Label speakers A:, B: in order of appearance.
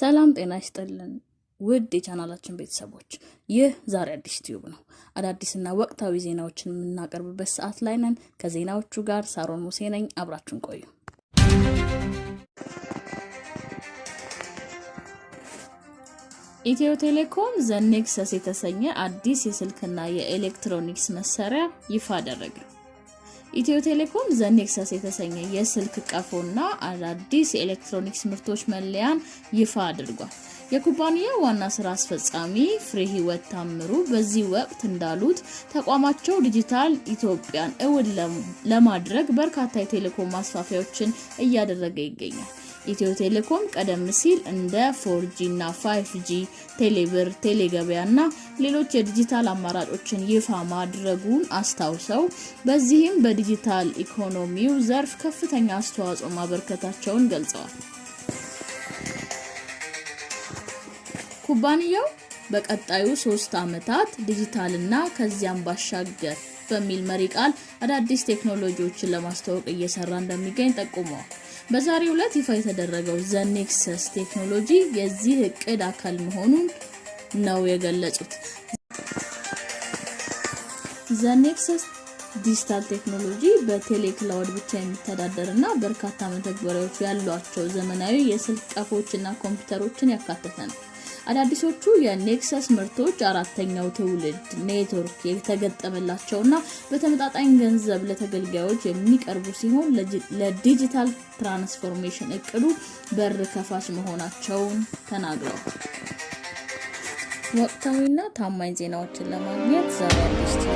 A: ሰላም ጤና ይስጥልን ውድ የቻናላችን ቤተሰቦች፣ ይህ ዛሬ አዲስ ቲዩብ ነው። አዳዲስና ወቅታዊ ዜናዎችን የምናቀርብበት ሰዓት ላይ ነን። ከዜናዎቹ ጋር ሳሮን ሙሴ ነኝ። አብራችን ቆዩ። ኢትዮ ቴሌኮም ዘኔክሰስ የተሰኘ አዲስ የስልክና የኤሌክትሮኒክስ መሳሪያ ይፋ አደረገ። ኢትዮ ቴሌኮም ዘኔክሰስ የተሰኘ የስልክ ቀፎና አዳዲስ የኤሌክትሮኒክስ ምርቶች መለያን ይፋ አድርጓል። የኩባንያው ዋና ስራ አስፈጻሚ ፍሬ ህይወት ታምሩ በዚህ ወቅት እንዳሉት ተቋማቸው ዲጂታል ኢትዮጵያን እውን ለማድረግ በርካታ የቴሌኮም ማስፋፊያዎችን እያደረገ ይገኛል። ኢትዮ ቴሌኮም ቀደም ሲል እንደ ፎርጂ እና ፋይፍጂ ቴሌብር፣ ቴሌገበያ እና ሌሎች የዲጂታል አማራጮችን ይፋ ማድረጉን አስታውሰው በዚህም በዲጂታል ኢኮኖሚው ዘርፍ ከፍተኛ አስተዋጽኦ ማበርከታቸውን ገልጸዋል። ኩባንያው በቀጣዩ ሶስት ዓመታት ዲጂታልና ከዚያም ባሻገር በሚል መሪ ቃል አዳዲስ ቴክኖሎጂዎችን ለማስተዋወቅ እየሰራ እንደሚገኝ ጠቁመዋል። በዛሬው ዕለት ይፋ የተደረገው ዘኔክሰስ ቴክኖሎጂ የዚህ እቅድ አካል መሆኑን ነው የገለጹት። ዘኔክሰስ ዲጂታል ቴክኖሎጂ በቴሌክላውድ ብቻ የሚተዳደር እና በርካታ መተግበሪያዎች ያሏቸው ዘመናዊ የስልክ ቀፎች እና ኮምፒውተሮችን ያካተተ ነው። አዳዲሶቹ የኔክሰስ ምርቶች አራተኛው ትውልድ ኔትወርክ የተገጠመላቸውና በተመጣጣኝ ገንዘብ ለተገልጋዮች የሚቀርቡ ሲሆን ለዲጂታል ትራንስፎርሜሽን እቅዱ በር ከፋች መሆናቸውን ተናግረዋል። ወቅታዊና ታማኝ ዜናዎችን ለማግኘት ዛሬ አዲስ